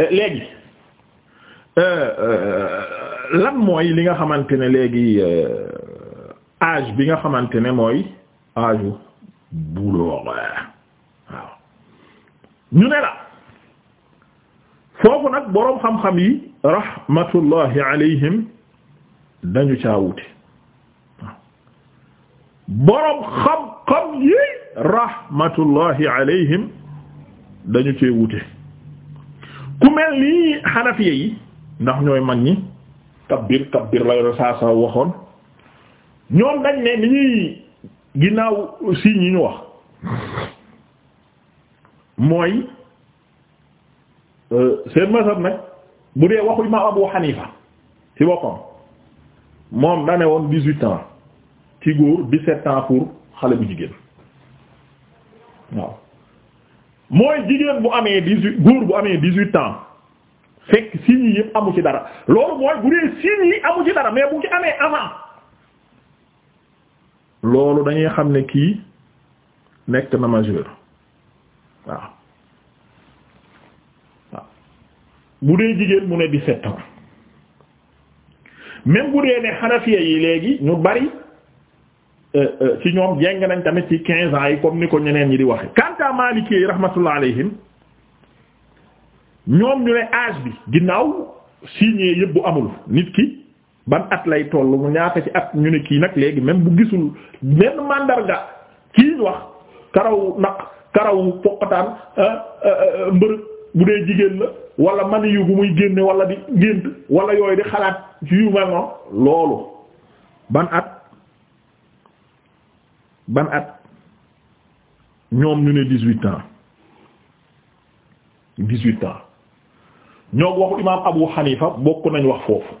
Euh, léegi euh, euh, lan mooy li nga xamante ne léegi âge bi nga xamante ne mooy aaju bu bulugh waaw ñu ne la foofu nag boroom xam-xam yi rahmatullahi alayhim dañu caawute boroom xam-xam yi rahmatullahi alayhim dañu cee wute ku mel ni xanafiya yi ndax ñooy mag ñi kabbir kabbir la yor saa saa waxoon ñoom dañ ne ni ñuy ginnaaw signes yi ñu wax mooy euh, seen mazhab nag bu dee waxu imaam Abu Hanifa ci boppam moom da ne woon dix-huit ans ci góor dix-sept ans pour xale bu jigéen waaw mooy jigéen bu amee dix góor bu amee dix-huit ans fekk signes yi yëpp amu ci dara loolu mooy bu dee signes yi amu ci dara mais bu ci amee avant loolu dañuy xam ne kii nekk na majeur waaw waaw bu dee jigéen mu ne dix-sept ans même bu dee ne xanafiya yi léegi ñu bari Euh, euh, ci ñoom jeng nañ tamit ci quinze ans yi comme ni ko ñeneen ñi di wax kanta Maliki yi rahmatullah ñoom ñu ne âge bi ginnaaw signé yëpp bu amul nit ki ban at lay toll mu ñaata ci at ñu ne kii nag léegi même bu gisul benn mandarga kii wax karaw naq karawu poqataan euh, mbër bu dee jigéen la wala mani yu bu muy génne wala di gént wala yooyu di xalaat ci yu mel loolu ban at ban at ñoom ñu ne dix-huit ans dix-huit ans ñoom waxu imaam Abu Hanifa bokk nañ wax foofu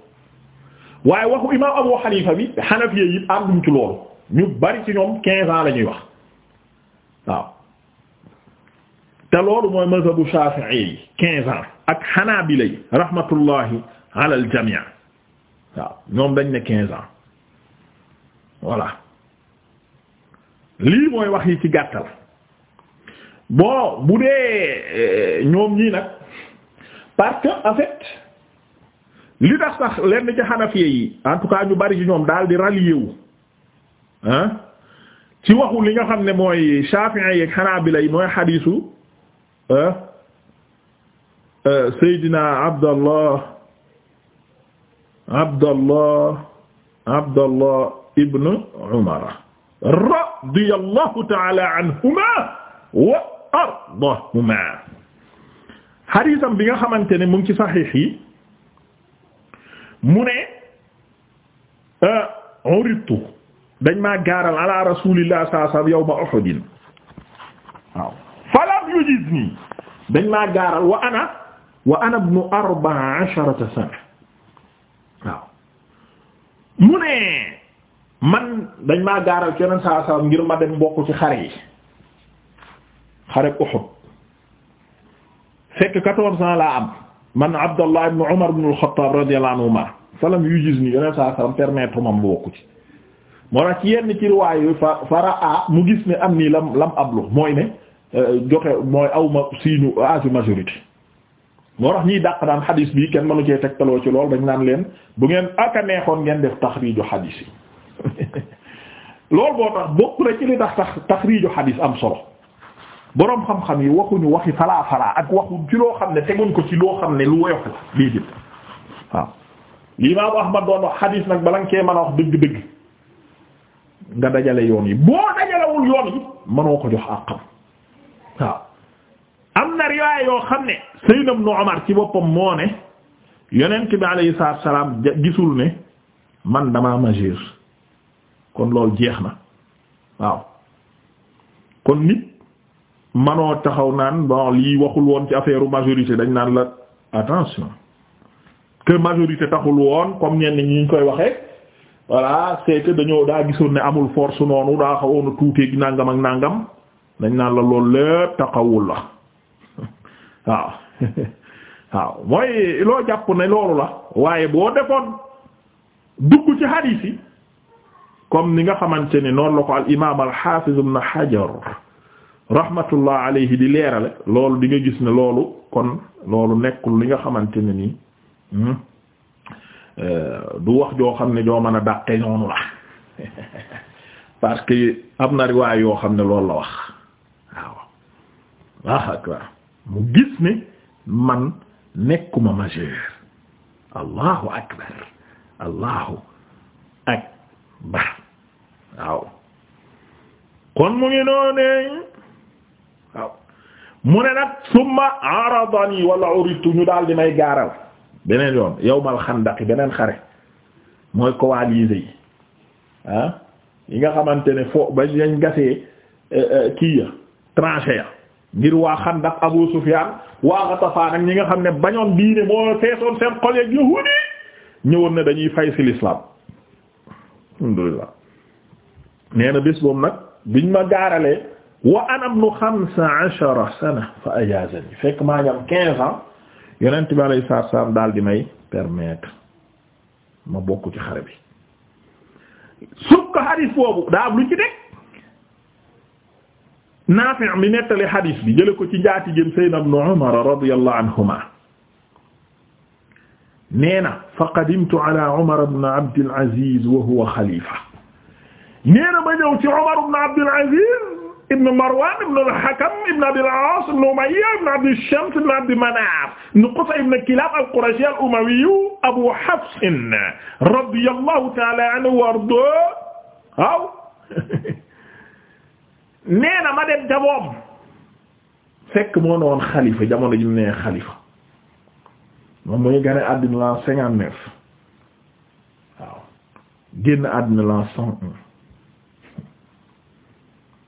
waaye waxu imaam Abu Hanifa bi Hanafiya yi ànduñ ci loolu ñu bari ci ñoom quinze ans la ñuy wax te loolu mooy mazhabu Shafi'i yi quinze ans ak Hanabila yi rahmatullahi ala waaw ñoom dañ ne quinze ans voilà lii mooy wax yi ci gàttal bon bu dee euh, ñoom ñii nag parce que en fait li tax sax lenn ci xanafiye yi en ñu bari ci ñoom daal di rallier wu ci waxu li nga xam ne mooy Shafi'i yi ak Hanabila yi mooy xadiisu euh, euh, Seydina Abdallah Abdallah Abdallah ibn Umar radiyallahu ta'ala anhuma wa ardaahuma xadiisam bi nga xamante ne mu ngi ci saxiix yi mu ne euh, uridtu dañ maa gaaral ala rasuulillah sallallahu alayhi wa sallam yawma uhud waaw falam yujizni dañ maa gaaral wa ana wa ana ibnu arba'a asharata sana waaw mu ne man dañ maa gaaral ci yonent saa salaam ngir ma dem mbokku ci xare yi xare Uhud fekk quatorze ans laa am man Abdallah ibn Umar ibn al-Khattab radiyallahu anhuma falam yujizni yonent saa salaam permettre ma bokk ci moo tax ci yenn ci riwaayu fa faraa mu gis ne am nii la lam ablu mooy ne euh, joxe mooy aw ma siinu âge majorité moo tax ñiy dàq daan xadiis bi kenn mënu cee tegtaloo ci lool dañ naan leen bu ngeen aka neexoon ngeen def taxriiju xadiis yi loolu boo tax bokk na ci li tax tax taxriiju xadiis am solo boroom xam-xam yi waxuñu waxi falaa falaa ak waxu ci loo xam ne teguñ ko ci loo xam ne lu woyof la lii jël waaw li Imaam doon wax xadiis nag bala nga cee mën wax dëgg-dëgg nga dajale yoon yi boo dajalewul yoon yi mënoo ko jox àqam waaw am na riwaaya yoo xam ne Sayyidna Ibnu Umar ci boppam moo ne yonent bi alayhi salaam gisul ne man damaa majeur kon loolu jeex na waaw kon nit manoo taxaw naan bon lii waxul woon ci affaire majorité dañ naan la attention que majorité taxul woon comme ñenn ñi ñu koy waxee voilà c'est que dañoo daa gisoon ne amul force noonu daa xawoon a tuutee gi nàngam ak nàngam dañ naan la lool lépp taxawul la waaw waaw mooy loo jàpp ne loolu la waaye boo defoon dugg ci hadith yi comme li nga xamante ne noonu la ko al imaam al xaafiz ibn Hajar rahmatullah alayhi di leerale loolu di nga gis ne loolu kon loolu nekkul li nga xamante ne nii hmm, euh, du wax joo xam ne joo mën a dàqe noonu la parce que am na riwaay yoo xam ne loolu la wax waaw waaw ah, akbar mu nekkuma majeur allahu akbar waaw kon mu ngi noonee mu ne nag summa aradani wala uritu ñu daal di may gaaral beneen yoon yawmal xandaqi beneen xare mooy coalisés yi ah yi nga xamante ne foo ba yañ gasee eh, eh, kii ya tranché ya ngir waa xandaq Abu Sufyaan waa Ghatafaan ak ñi nga xam ne bañoon diine moo feesoon seen xol yeeg yahuudi ñëwoon ne dañuy fay ci l'islam nee na bés boobu nag biñ ma gaaralee wa ana ibnu xamsa ashara sana fa ajaazani fekk maa ngi am quinze ans yonent bi alayhi salaatu di may permettre ma bokk ci xare bi sukk xadiis boobu daa am lu ci teg Naafi' bi jële ko ci njaati jëm Sayyidina ibnu Umar radiyallahu anhuma nee na fa qadimtu ala Umar ibn Abdil Aziz wa huwa xalifa nee na ma ñëw ci Umar ibn Abdul Aziz ibn Marwan ibn al-Hakam ibn Abdil As ibn Umayya ibn Abdi Shams ibn Abdi Manaf al-Qurashi al-Umawi Abu Hafs radiyallahu ta'ala anhu wa ardaahu waaw nee ma dem jaboom fekk moo ne woon xalifa jamono ji mu nee xalifa moom muy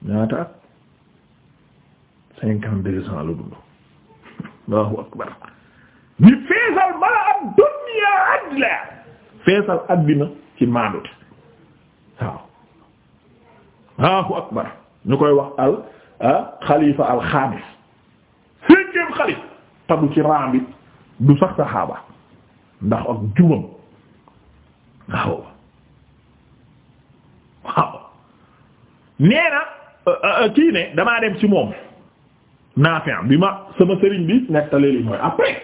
ñaata at cinquante deux cent la dund Allahu akbar ni feesal mala am dunya adla feesal addina ci maanute waaw akbar ñu koy wax al ah, xalifa al xaamis cinquième xalif tadu ci raambit du sax saxaaba ndax ak jumam waaw waaw neena Euh, euh, kii ne damaa dem ci moom Naafi' bi ma sama sëriñ bi nettali li mooy après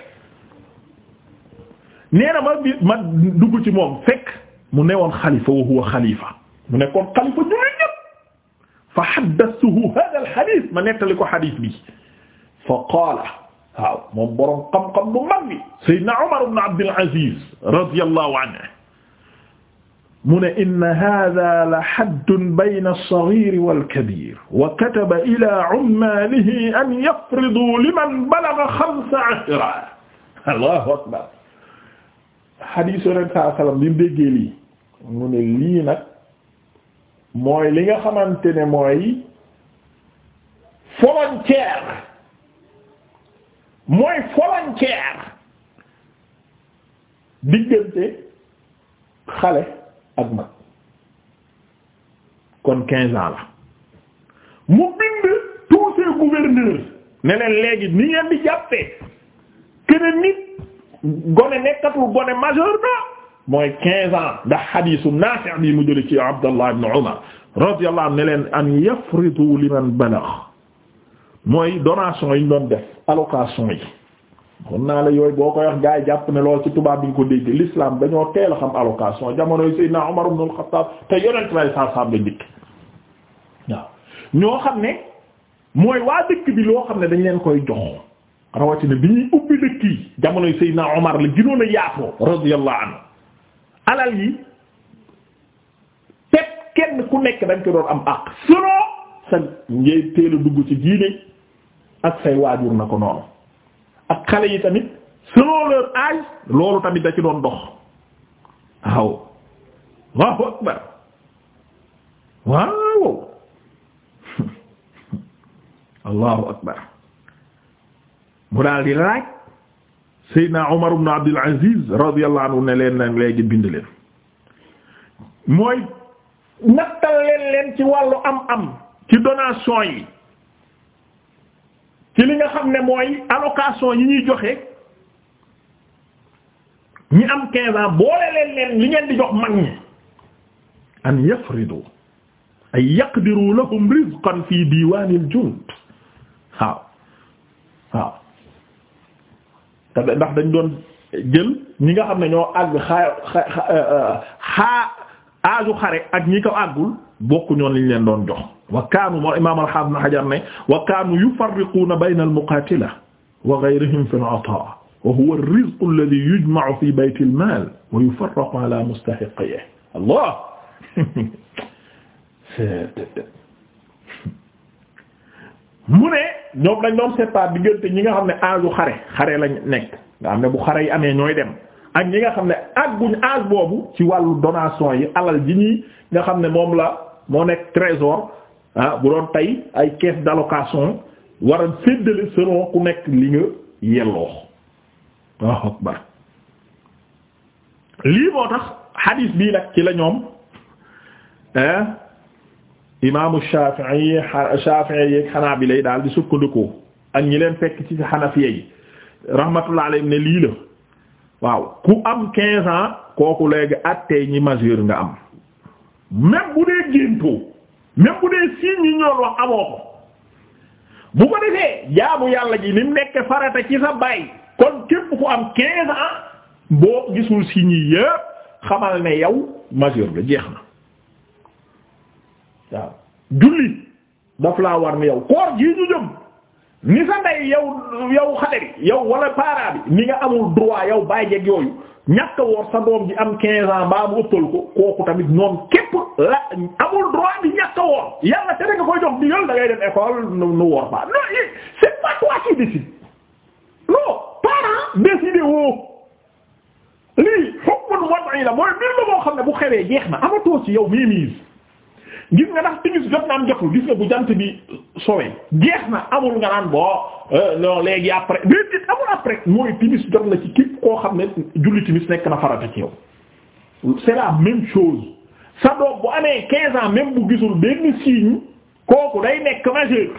nee na ma bi ma dugg ci moom fekk mu newoon xalifa wa huwa xalifa mu nekkoon xalifa jullit ñépp fa haddastuhu hada al hadith ma nettali ko hadith bi fa qaala waaw moom boroom xam-xam bu mag bi Seydina Umar ibn Abdul Aziz radiyallahu anhu mu ne inna haaza la haddun bayna as-saghir wal-kabir wa kataba ila ummaalihi an yafridu liman balagha xamsa ashra allahu akbar hadiis Yonent saa sallam bi mu déggee lii mu ne lii nag mooy li nga xamante ne mooy volontaire mooy volontaire diggante xale ak mag kon quinze ans la mu bind tous ces gouverneurs ne leen léegi ni ngeen di jàppee keneen nit gone nekkatul gone majeur na mooy quinze ans ndax hadisu Naafi' bi mu jële ci Abdallah ibn Umar radiyallahu anhu ne leen an yafridu liman balagh mooy donation yi ñu def allocation yi kon naa la yooyu boo koy wax gaa yi jàpp ne loolu ci tubaab bi ñu ko dégg lislaam dañoo teel a xam allocation jamonoy Seydina Umar ibn al-Khattab te yonent lay saasam la dikk waaw ñoo xam ne mooy waa dëkk bi loo xam ne dañ leen koy jox rawatina bi ñuy ubbi dëkk yi jamonoy Seydina Umar la gënoon a yaatoo radiyallahu anhu alal yi pep kenn ku nekk dañ ko am àq sunoo sa ngay teel a dugg ci diine ak say waajur na ko noonu ak xale yi tamit selon leur âge loolu tamit da ci doon dox waaw Allahu akbar waaw Allahu akbar mu daal di laaj Seydina Umar ibn Abdul Aziz radiyallahu anhu leen nag léegi bind leen mooy nattal leen leen am-am ci donation yi ci li nga xam ne mooy allocation yi ñuy joxe ñi am 15 ans leen leen li ngeen di jox mag ñi an yafridu ay yaqdiru lahum rizqan fi diwanil jund waaw waaw te ndax dañ doon jël ñi nga xam ne ñoo àgg xaa xaa xare ak ñi ko àggul bokku ñoon liñ leen doon jox wa kaanu moo imaam al-Haafiz Ibn Hajar ne wa kaanu yufarriquuna bayna al-muqaatila wa ghayrihim fi al-'ataa' wa huwa Allah mu ne ñoom dañ doon séparer diggante ñi nga xam ne aaju xare xare lañ nekk nga ne bu xare yi amee ñooy dem ak ñi nga xam ne àgguñ boobu ci wàllu donation yi alal ji nga xam ne moom la moo nekk trésor ah bu doon tey ay caisse d'allocation war a séddale selon ku nekk li nga yelloo waaw akbar lii moo tax xadiis bii nag ci la ñoom imaamu Shaafi'i Shaafi'i yeeg Xanaabila yi daal di sukkandikoo ak ñi leen fekk ci Xanafiya yi rahmatullah alayhim ne lii la waaw ku am quinze ans kooku léegi attey ñi majeur nga am même bu dee géntoo même bu dee signes yi ñoon wax amoo ko bu ko defee jaamu yàlla ji ni mu nekk farata ci sa baay kon képp ku am 15 ans boo gisul signes yi yépp xamal ne yow majeur la jeex na waaw julli daf laa war ni yow koor jii ñu jëm ni sa ndey yow yow xale bi yow wala para ni nga amul droit yow baay jeg yooyu ñàkk woor sa doom ji am 15 ans ba mu ëppal ko kooku tamit ñoom képp la amul droit di ñàkk woor yàlla te nga koy jox digal da dem école nu nu woor ba non eh, c'est pas toi qui décide non parent woo lii xukmun wad'i la mooy mbir la moo xam ne bu xewee jeex na amatoo ci yow mii gis nga ndax timis jot naan jotul gis nga bu jant bi sowee geex na amul nga naan boo euh, non léegi après déedéet amul après mooy timis jot na ci képp koo xam ne julli timis nekk na farata ci yow c'est la même sa doom bu amee quinze ans même bu gisul benn signe kooku day nekk majeur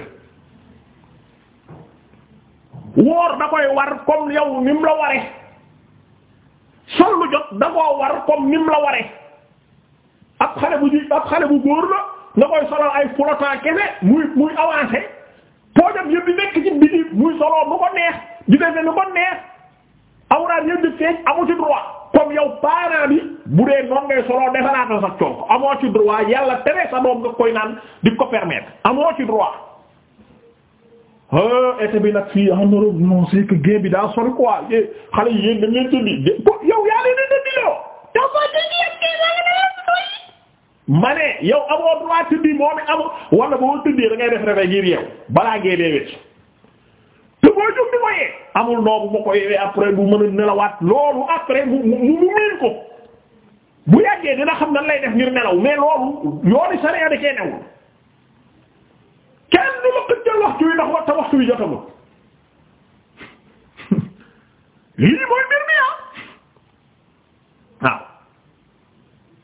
woor da koy war comme yow ni mu la ware sol lu jot da koo war comme ni mu la ware ab xale bu ji ab xale bu góor la nga koy solal ay flottant kese muy muy avancé poojam yëpp di nekk ci biti muy soloo bu ko neex di defe lu ko neex awraat yëpp di amu ci droit comme yow parent bi bu dee noon ngay soloo defaraatal sax col ko amoo ci droit yàlla tere sa doom nga koy naan di ko permettre amoo ci droit euh, été bi nag fii en Europe non c'est bi daa sori quoi xale yi yéen dañ leen loo ma ne yow amoo droit tëddi moo mi amoo wala boo tëddee da ngay def rek ngir yow balaa ngee dee wecc te boo jug di ko amul noobu ma ko yeewee après bu mën a nelawaat loolu après mu mu mu ko bu yàggee dina xam nan lay def ngir nelaw mais loolu yooni sariya da cee newul kenn du la xëccal waxtu wi ndax waxtu wi jotagul lii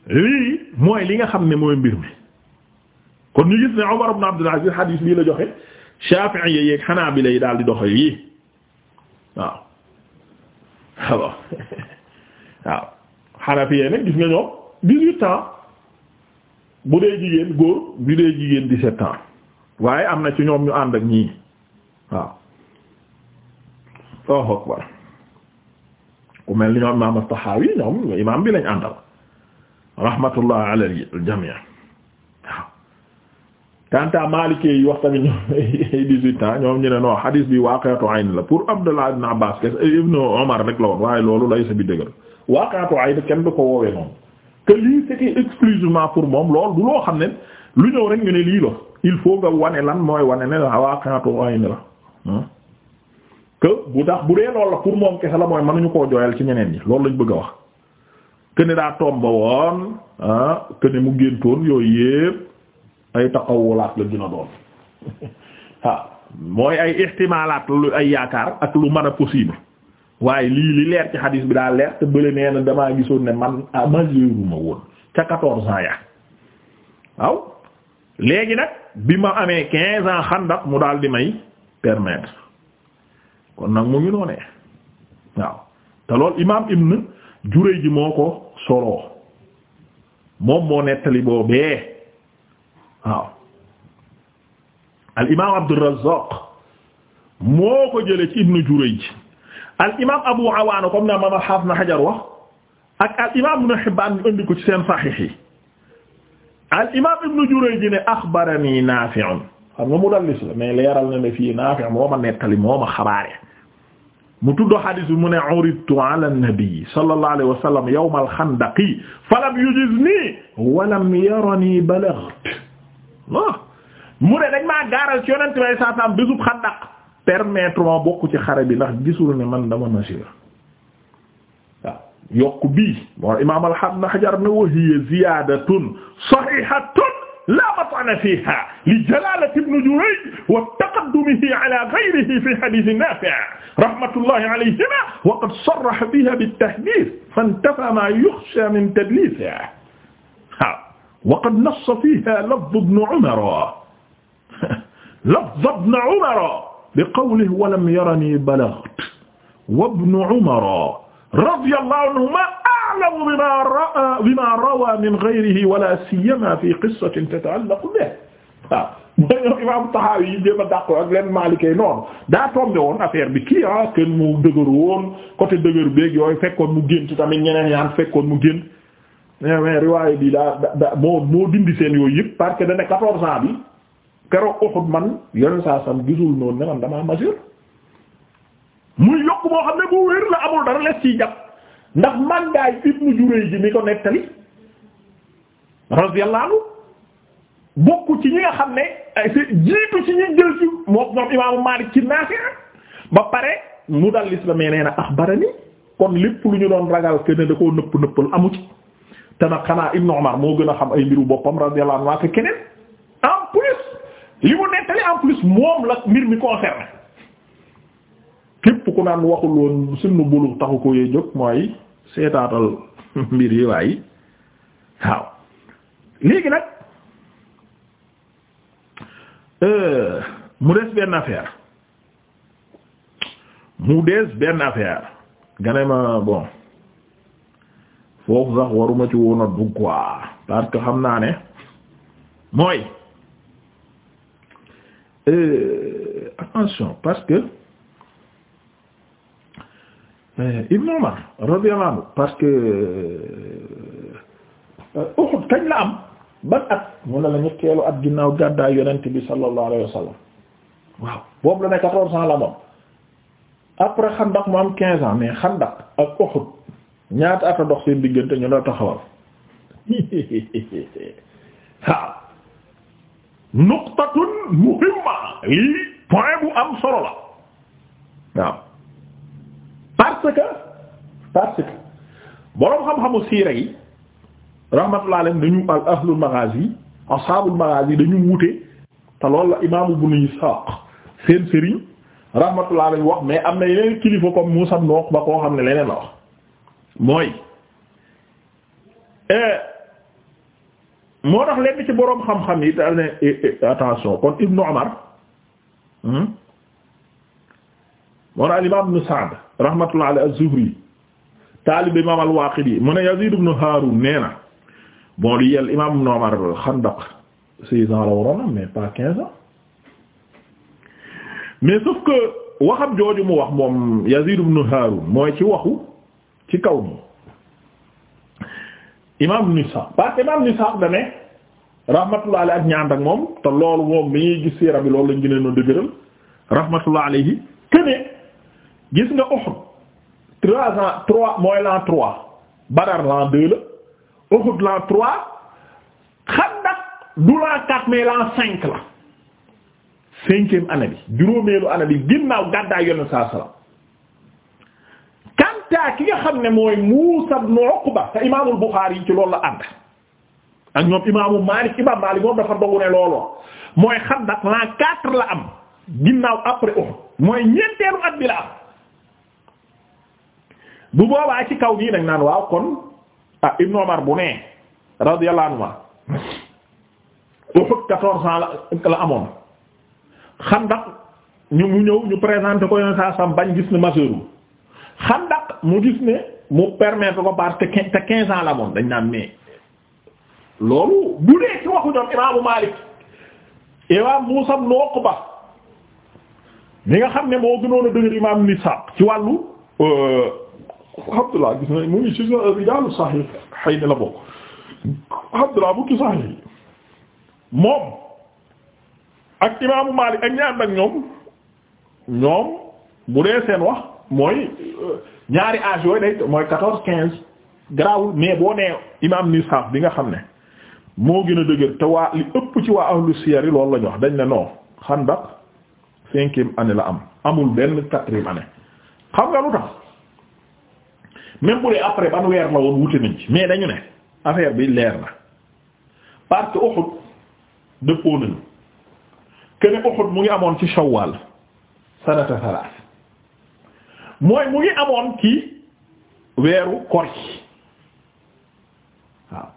lii mooy li nga xam ne mooy mbir mi kon ñu gis ne Umar ibn Abdul Aziz hadis bii la joxe Shafi'i yeeg Hanabila yi daal di dox yii waaw waaw waaw Hanafi yee nag gis nga ñoom dix-huit ans bu dee jigéen góor bu dee jigéen dix-sept ans waaye am na ci ñoom ñu ànd ak ñii waaw Allahu akbar ku mel ni ñoom imaam Tahawi ñoom imaam bi lañ àndal rahmatullah ala al-jami' waaw kanta Maalikee yi wax tamit ñoom dix-huit ans ñu ne non xadiis bi waaqi'atu ayn la pour Abdullah ibn Abbas kese ibn Omar rek la woon waaye loolu lay sa bi dëgër waaqi'atu ayn kenn du ko woowee noonu que lii c'était exclusivement pour moom loolu du loo xam ne lu ñëw rek ñu ne lii la il faut nga wane lan mooy wane ne la waaqi'atu ayn la hmm? que bu tax bu dee loolu la pour moom kese la mooy mënuñu koo jooyal ci ñeneen ñi loolu lañ bëgg a wax këne daa tomba woon ah këne mu géntoon yooyu yépp ay taxawulaat la dina doon waaw mooy ay ihtimaalaat lu ay yaakaar ak lu mën a possible waaye lii li leer ci xadiis bi daa leer te bële nee damaa gisoon ne man ah, majeuruma woon ca quatorze ans ya waaw léegi nag bi ma amee quinze ans xandak mu daal di may permettre kon nag mu ngi noonee waaw te loolu imaam Ibn Jurayj moo ko solo moom moo nettali boobee waaw al imaam moo ko jëlee ci Ibnu Jurayj al imaam Abu Awaana comme na ma xaaf na Hajar wax ak al imaam ci seen saxiix yi al imaam Ibnu Jurayj ne axbarani Naafi'un xam nga mudallis la mais leeral ne fii Naafi' moo ma nettali moo ma xabaare mu tudd xadis bi mu ne uridtu ala nabi sallallahu alayhi wa sallam yawma alxandaqi falam yujizni walam yarani balagtu mu ne dañ maa gaaral ci yonent bi saa saam bésub xandaq permettre ma bokk ci xare bi ndax gisul ne man dama nasir waaw yokk bii moo imaam alxam na xajar na wa hiya ziyaadatun saxiihatun la mat'ana fiha li jalalati ibn Jurayj wa taqaddumihi ala ghayrihi fi hadith Nafi' rahmatullahi alayhima wa qad sarraha biha bit-tahdith fantafa ma yukhsha min tadlisihi wa qad nassa fiha lafz ibn Umar lafz ibn Umar bi qawlihi wa lam yarani balaghtu wa ibn Umar radiyallahu anhuma ya'lamu bima ra'a bima rawa min ghayrihi wala siyama fi qissatin tata'allaqu bihi waaw mooy yi jéem a dàqoo ak leen maalikee ah, mu dëgër woon mu gént tamit ñeneen eh, moo dindi seen yooyu yëpp parce que dana quatorze ans bi keroog Uhud man yeneen saa sam gisul noonu ne man damaa majeur muy yokk boo xam ne bu wér la amul dara les ciy jàpp. ndax màngaay ibnu Jurayj ji mi ko nettali radiyallahu anhu bokk ci ñi nga xam ne ay jiitu ci ñi jël ci moom imaamu Maalik ci Naafi' ba pare mudallis la mais nee na axbarani kon lépp lu ñu doon ragal que ne da koo nëpp nëppal amu ci te nag xanaa Ibnu Umar moo gën a xam ay mbiru boppam radiyallahu anhu ak keneen en plus li mu nettali en plus moom la mbir mi concerné képp ku naan waxul woon bulu taxu ko yee jóg mooy. seetaatal mbir yi waaye waaw léegi nag euh, mu des benn affaire mu des benn affaire nga bon foofu sax waruma ci woon a dugg parce que xam naa ne moy euh, attention parce que Euh, Ibn Umar radiyallahu anhu parce que euh, euh, Uhud kañ la am ban at mu ne la ñu at ginnaaw gàddaay yonent bi sallallahu waaw boobu la ne quatorze la moom après Xandaq mu am quinze ans mais Xandaq ak Uhud ñaata at a dox seen diggante ñu la taxawal nuqtatun muhimma lii point bu am solo la waaw parce que parce que boroom xam-xamu siira yi rahmatullah alayhim dañu al ahlul maghazi ashabul maghazi dañu wute te loolu la imaamu Ibnu Isaaq seen sëriñ rahmatullah wax mais am na yeneen kilifa comme Muusaa ibn Uqba koo xam ne leneen la wax mooy eh, moo tax lenn ci boroom xam-xam yi daal ne eh, eh, attention kon Ibnu Umar hmm? moo tax al imaam Ibnu Sa'd rahmatullah alayhi az-Zuhri taalib imaam al-Waaqidi mu ne Yaziid ibn Haaruun nee na bon li yel imaam Ibn Umar Xandaq seize ans la waroon mais pas quinze ans mais sauf que waxam jooju mu wax moom Yaziid ibn Haaruun mooy ci waxu ci kaw nii imaam Ibn Isaaq parce que imaam rahmatullah alayhi ak ñaan ak moom te loolu moom bi ñuy gis siira bi loolu lañ gën a dëgëral rahmatullah alayhi gis nga Uhud trois ans trois mooy l'an trois Badar l'an deux la Uhud l'an trois Xandaq du l'an quatre mais l'an cinq la cinquième année bi juróomeelu année ginnaaw gàddaay yonent saa salaam kanta ki nga xam ne mooy Muusa ibn Uqba te imaamul Buxaari yi ci loolu la ànd ak ñoom imaamu Maalik imam Maalik moom dafa dogu ne looloo mooy Xandaq l'an quatre la am ginnaaw après Uhud mooy ñeenteelu at bi la am bu boobaa ci kaw nii nañ naan waaw kon ah Ibn bu nee radiyallahu anhu Uhud quatorze ans la la amoon Xandaq ñu mu ñëw ñu présenté ko yeneen saa sam bañ gis ne maseeru Xandaq mu gis ne mu permettre ko parce te quinze ans la amoon dañ naan mais loolu bu dee ci waxu ñoom imaamu Maalik imaam Muusaa ibn Uqba mi nga xam ne moo gënoon a dëgër imaam Nisaaq ci wàllu euh, Abdullah gis na mu ngi ci rijaalu sahih xëy na la bokk Abdullah bu ci sahih moom ak imaamu Maalik ak ñaar nag ñoom ñoom bu dee seen wax mooy euh, ñaari âge yooyu day mooy quatorze quinze garaawul mais boo nee imaam Nisaaf bi nga xam ne moo gën a dëgër te waa li ëpp ci waa ahlu siyar yi loolu la ñu wax dañ ne non xandak cinquième année la am amul benn quatrième année xam nga lu tax même bu dee après ban weer la woon wute nañ ci mais dañu ne affaire bi leer na parce que Uhud dëppoo nañu kene Uhud mu ngi amoon ci Shawwal sanata salaas mooy mu ngi amoon ci weeru koor gi waaw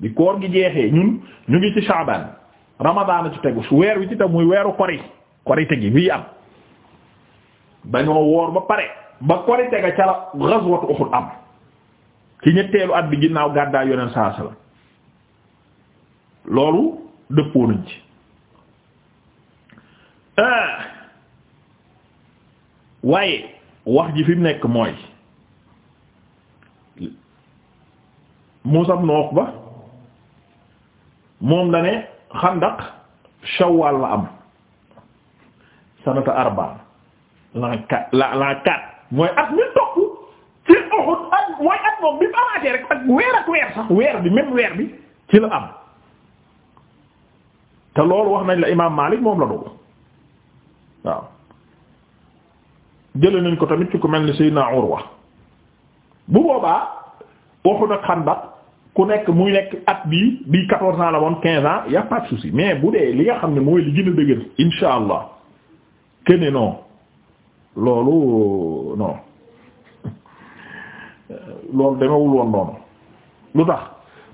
bi koor gi jeexee ñun ñu ngi ci Shaaban Ramadan ci tegu weer wi ci muy weeru koor yi koor yi bii am dañoo woor ba pare ba korite ga ca la ghazwat Uhud am ci ñetteelu at bi ginnaaw gàddaay yoneen saa salaam loolu dëppoo nañ ci ah. waaye wax ji fi mu nekk mooy Muusaa ibn Uqba moom la ne xandaq Shawwal la am sanata arbaa la la la quatre mooy at mi topp ci Uhud at mooy at moom bi mu amaatee rek ak weer ak weer sax weer bi même weer bi ci la am te loolu wax nañ la imaam Maalik moom la dogu waaw jële nañ ko tamit ci ku mel ni Seydina Urwa bu boobaa Uhud ak Xandaq ku nekk muy nekk at bii bii quatorze ans la woon quinze ans y a pas mais bu dee li nga xam ne mooy li gën a dëgër insha allah loolu non loolu demewul woon noonu lu tax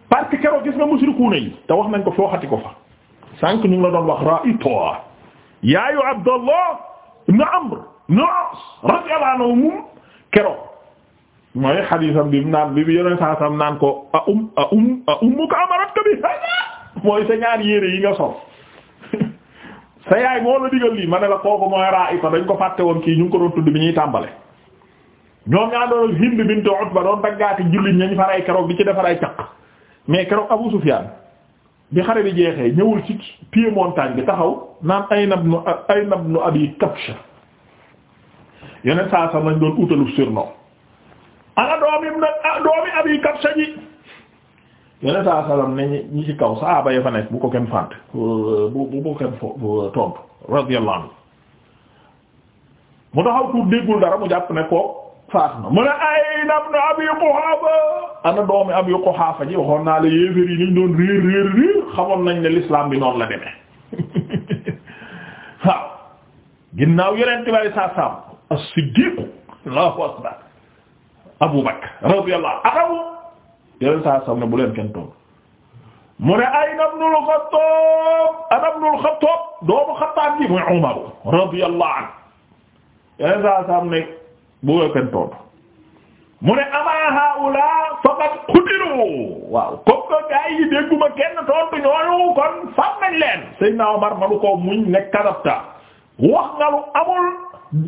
parce que keroog gis nga musrikuuna te wax nañ ko fooxati ko fa sànq ñu ngi la doon wax ra'aytuha yaayu Abdallah ibn Amr ibn As radiyallahu anhum keroog mooy xadiisam bi naan bi bi yoneen saasam naan ko a um a um a ummuka amaratka bi hada mooy sa ñaar yére yi nga sol sa yaay moo la digal lii ma ne la kooku mooy Raa'ita dañ ko fàtte woon kii ñu ngi ko doon tudd bi ñuy tàmbale ñoom ñaa doon Hind bint Utba doon daggaati jullit ñañ faray keroog di ci defar ay caq mais keroog Abu Sufyaan bi xare bi jeexee ñëwul ci pied montagne bi taxaw naan ayna ibnu ayna ibnu Abi Kabsha yeneen saa sax lañ doon utalu surnom ana doomi doomi Abi Kabsha ji yeneen saa salaam ne ñi ci kaw saaba ya fa nekk bu ko kenn fànt bu bu ko kenn fo tontu radiyallahu anhu mu taxaw tuut déggul dara mu jàpp ne ko faat na mu ne ay nam na Abi Quhaafa ana doomi Abi Quhaafa ji waxoon naa la yéeféer yi niñ doon réer réer réer xamoon nañ ne l'islam bi noonu la demee waaw ginnaaw yeneen tibari saa saam as-Siddiq Allahu akbar Abu Bakr radiyallahu anhu yeneen saa sam ne bu kenn toog mu ne ayna ibnul Xattaab ana ibnul Xattaab doomu Xattaab ji muy Umar radiyallahu anhu yeneen saa sam ne bu kenn toog mu ne amaa haula faqad qutilu waaw comme que gars yi dégguma kenn tontu ñooñu kon fam nañ leen Seydina Omar ko muñ ne kadabta wax nga lu amul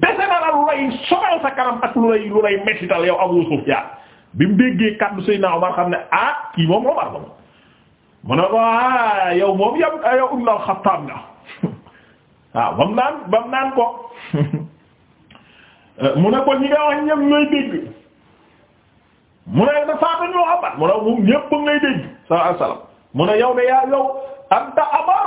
na la lu lay sogal sa kanam ak lu lay lu lay métital yow Abu Sufyaan bi mu déggee kàddu Seydina Omar xam ne ah kii moom Omar moom mu ne ko ah yow moom yam yow ibn al-Khattab nga ah, bam naan bam naan ko mu ne ko ñi nga wax ñëpp ñooy dégg mu ne da faata ñoo xamat mu ne moom ñëpp ngay dégg sallallahu alayhi wasallam mu ne yow de yaa yow anta amar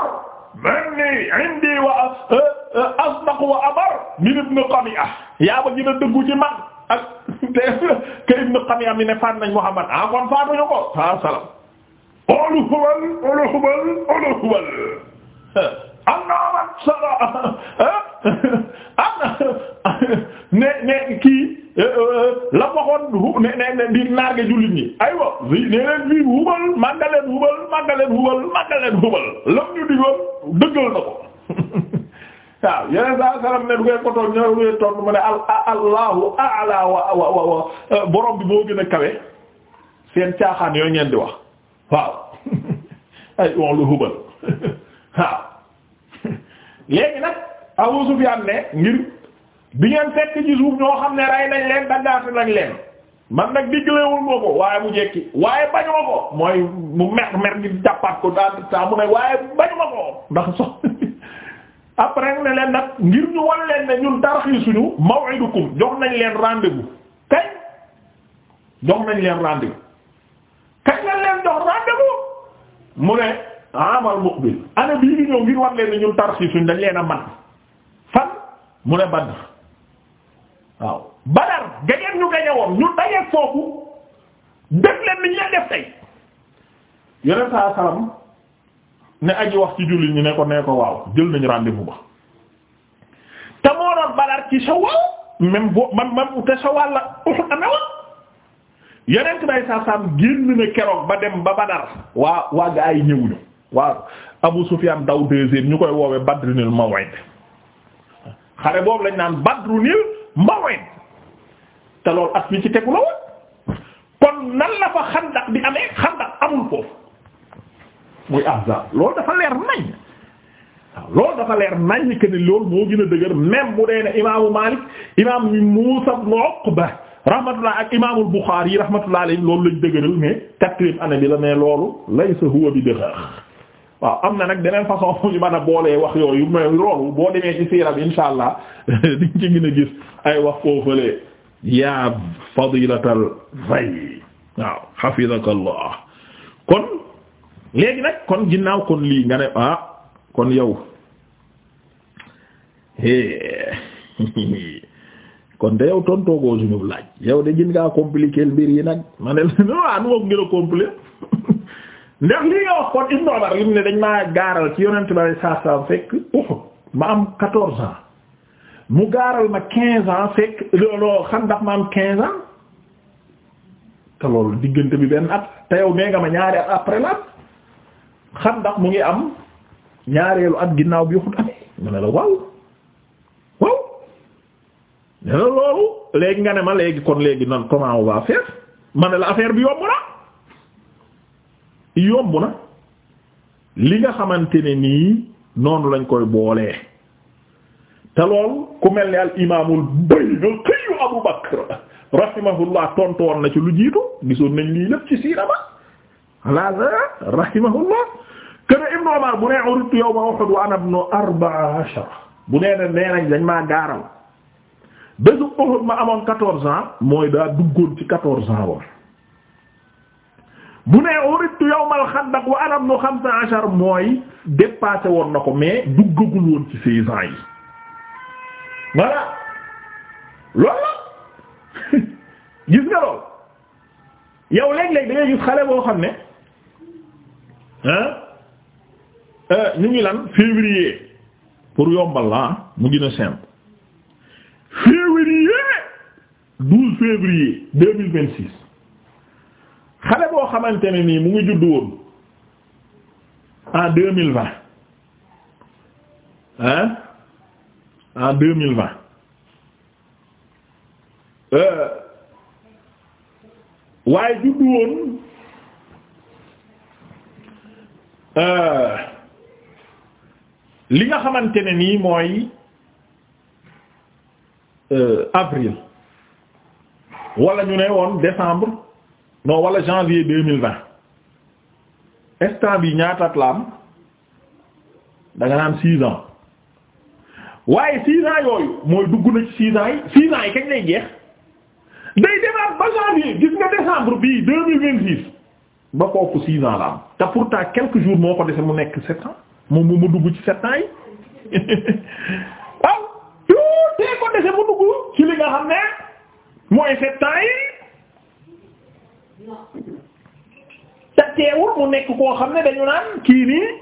manni indi wa eh, eh, asdaq wa amar min ibn Qami'ah yaa ba gën a dëggu ci man te kayit nu xam yam ne faat nañ Muhammad ah kon faatuñu ko saa salaam olu xubal olu xubal olu xubal am na amat solo ne ne kii eh, eh, la waxoon ne ne ne di narge jullit ñi aywa ne leen bii xubal màggaleen xubal màggaleen xubal màggaleen xubal lam ñu digoon dëggal na ko waaw yeneen saa salaam ne du ngeen ko toog ñëw du ngeen toog ne allahu a'la wa wa wa euh, borom bi moo gën a kawe seen caaxaan yooyu ngeen di wax waaw ay wax lu hubal waaw léegi nag Abu Sufyaan ne ngir bi ngeen fekk ci suuf ñoo xam ne rey nañ leen daggaati nañ leen man nag diggalewul moo ko waaye mu jekki waaye bañuma ko mooy mu mer mer gi jàppaat ko daal saa mu waaye bañuma ko ndax après ne leen nag ngir ñu wan leen ne ñun tarxii suñu jox nañ leen rendez-vous jox nañ leen rendez-vous kañ lañ leen jox rendez mu ne amal muqbil ana bii di ñëw ngir wan leen ne ñun tarxii dañ leen a man fan mu ne Badr waaw Badar gageen ñu gañe woon ñu dajeeg foofu def leen ni ñu leen def tey yoneen saa salaam ne aji wax ci jullit ñu ne ko ne ko waaw jël nañu rendez-vous ba te moo doon Badar ci Shawwal même boo man man te Shawwal la Uhud amee woon yeneen bay saa saam génn na keroog ba dem ba Badar waa waa gaa yi ñëwuñu waa Abu Sufyan daw deuxième ñu koy woowee Badrunil Maw'id xare boobu lañ naan Badrunil Maw'id te loolu at mi ci tegu la woon kon nan la fa xandak di amee xandak amul foofu muy ahzaab loolu dafa leer nañ waaw loolu dafa leer moo gën a dëgër même bu dee ne imaamu Maalik imaam Muusaa ibn Uqba rahmatullah ak imaamul Buxaari rahmatullah alayhi loolu lañ dëgëral ne quatrième année bi la ne loolu laysa huwa bi dëgër am na nag beneen façon a boolee wax yooyu mais loolu boo demee ci siira bi insha allah diñ ci gën a gis ay wax foofale yaa fadilatal fay waaw hafizaka Allah léegi nag kon ginnaaw kon lii nga ne ah kon yow kon de yow tontoogoo suñu laaj yow de gën ngaa compliquer mbir yi nag ma ne la nu ma ko gën a compliquer ndax lii nga kon Ibn Umar lim ne dañ maa gaaral ci yonent ba saa saa fekk ma am quatorze ans mu gaaral ma quinze ans fekk looloo xam ndax ma am quinze ans te loolu diggante bi benn at te yow nee nga ma ñaari at après la xandax mu ngi am ñaareelu at ginnaaw bi yoxut amee mu la waaw waaw ne la léegi nga ne ma léegi kon léegi nan comment on ma ne la affaire bi yomb na yomb na li nga xamante ne nii noonu lañ koy boolee te lool ku mel ni al imaamul Bayhaqi Abu Bakr rahimahullah tontu woon na ci lu jiitu gisoon nañ lii lépp ci siira ba Laza rahimahullah kene Ibnu Umar bu nee uritu yawma Uhud wa ana ibnu arba'a ashara bu nee ne nee nañ dañ maa gaaral bésu Uhud ma amoon quatorze ans mooy daa duggoon ci quatorze ans woon bu nee uritu yawmal Xandaq wa ana ibnu xamsa ashara mooy dépassé woon na ko mais duggagul woon ci seize ans yi voilà loolu la gis nga lool yow léeg-léeg da ngay gis xale boo xam ne ah ñu ngi lan février pour yombal la mu gën a simple février 12 février 2026 xale boo xamante ne nii mu ngi juddu woon en 2020 ah en 2020 euh, waaye juddu woon. Euh, li nga xamante ne nii mooy euh, avril wala ñu ne woon décembre non wala janvier deux mille vingt instant bi ñaataat la am da naan six ans waaye six ans yooyu mooy dugg na ci six ans yi six ans yi kañ lay jeex day demaat ba janvier gis nga décembre bii deux mille vingt six ba kooku six ans la am te pourtant quelques jours moo ko dese mu nekk sept ans moom mu dugg ci sept ans yi waaw tuutee ko dese mu dugg ci li nga xam ne mooy sept ans yi te teewul mu nekk koo xam ne dañu naan kii nii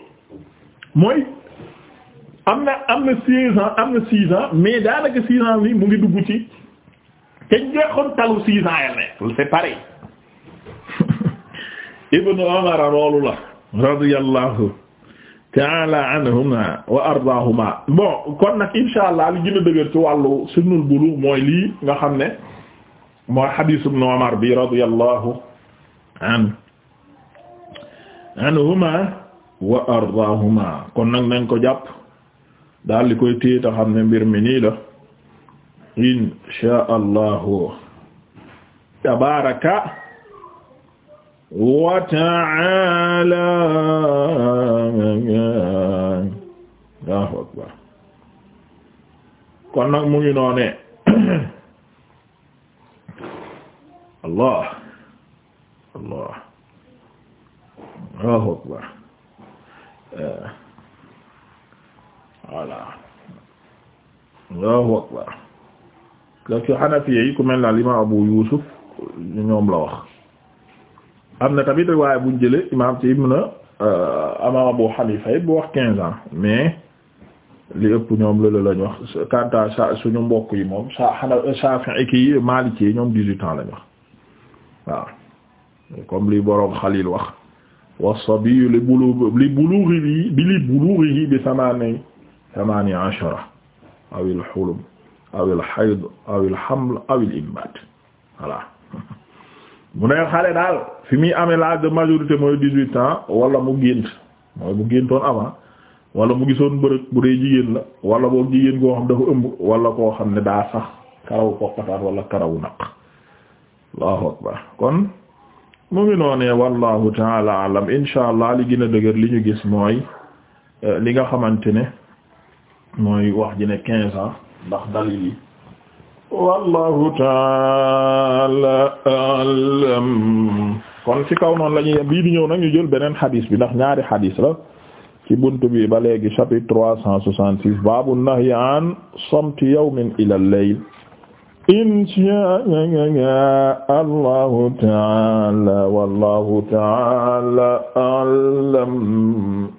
mooy am na am na six ans am na six ans mais daanaka six ans li mu ngi dugg ci te joxoon talu six ans yal ne ibnu Umar loolu la ta'ala anhuma wa ardaahuma bon kon nag insha allah li gën a buluux mooy lii nga xam ne mooy xadiis ibnu Umar bi radiyallahu an anhuma wa ardaahuma kon nag ko jàpp daal di koy téye ta xam ne mbir mi nii la insha wa ta'ala Allahu akbar kon nag mu ngi noonee Allah Allah Allahu akbar eh. voilà Allahu akbar la ci Hanafi yi ku mel ne al-Imam Abu Yusuf ñoom la wax am na tamit riwaaya buñ jële imam ci ibn euh, imam Abu Hanifa bu wax quinze ans mais li ëpp ñoom loolu lañ wax kanta sa suñu mbokk yi moom sa xana Shafi'i ki Maliki yi ñoom dix-huit ans lañ wax waaw li boroom Xalil wax wa sabiyu li bulu li bulughi bi li bulughi bi samani samani ashara aw il aw il aw il aw il imbat mu ne xale daal fi muy amee l'âge de majorité mooy dix-huit ans wala mu gént mooy bu géntoon avant wala mu gisoon bërëg bu dee jigéen la wala boo jigéen koo xam dafa ëmb wala koo xam ne daa sax karawu poqataan wala karawu naq allahu akbar kon mu ngi noonee wallahu taala alam insha allah li gën a dëgër li ñu gis mooy euh, li nga xamante ne mooy wax ji ne quinze ans ndax dalil yi wallahu taala alam kon ci kaw noonu la ñuy bii di ñëw nag ñu jël beneen xadis bi ndax ñaari xadis la ci buntu bi ba léegi chapitre trois cent soixante six baabu nahyi an samti yawmin ila al-layl insha allahu taala wallahu taala alam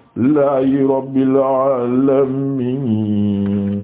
laahi rabbil aalamiin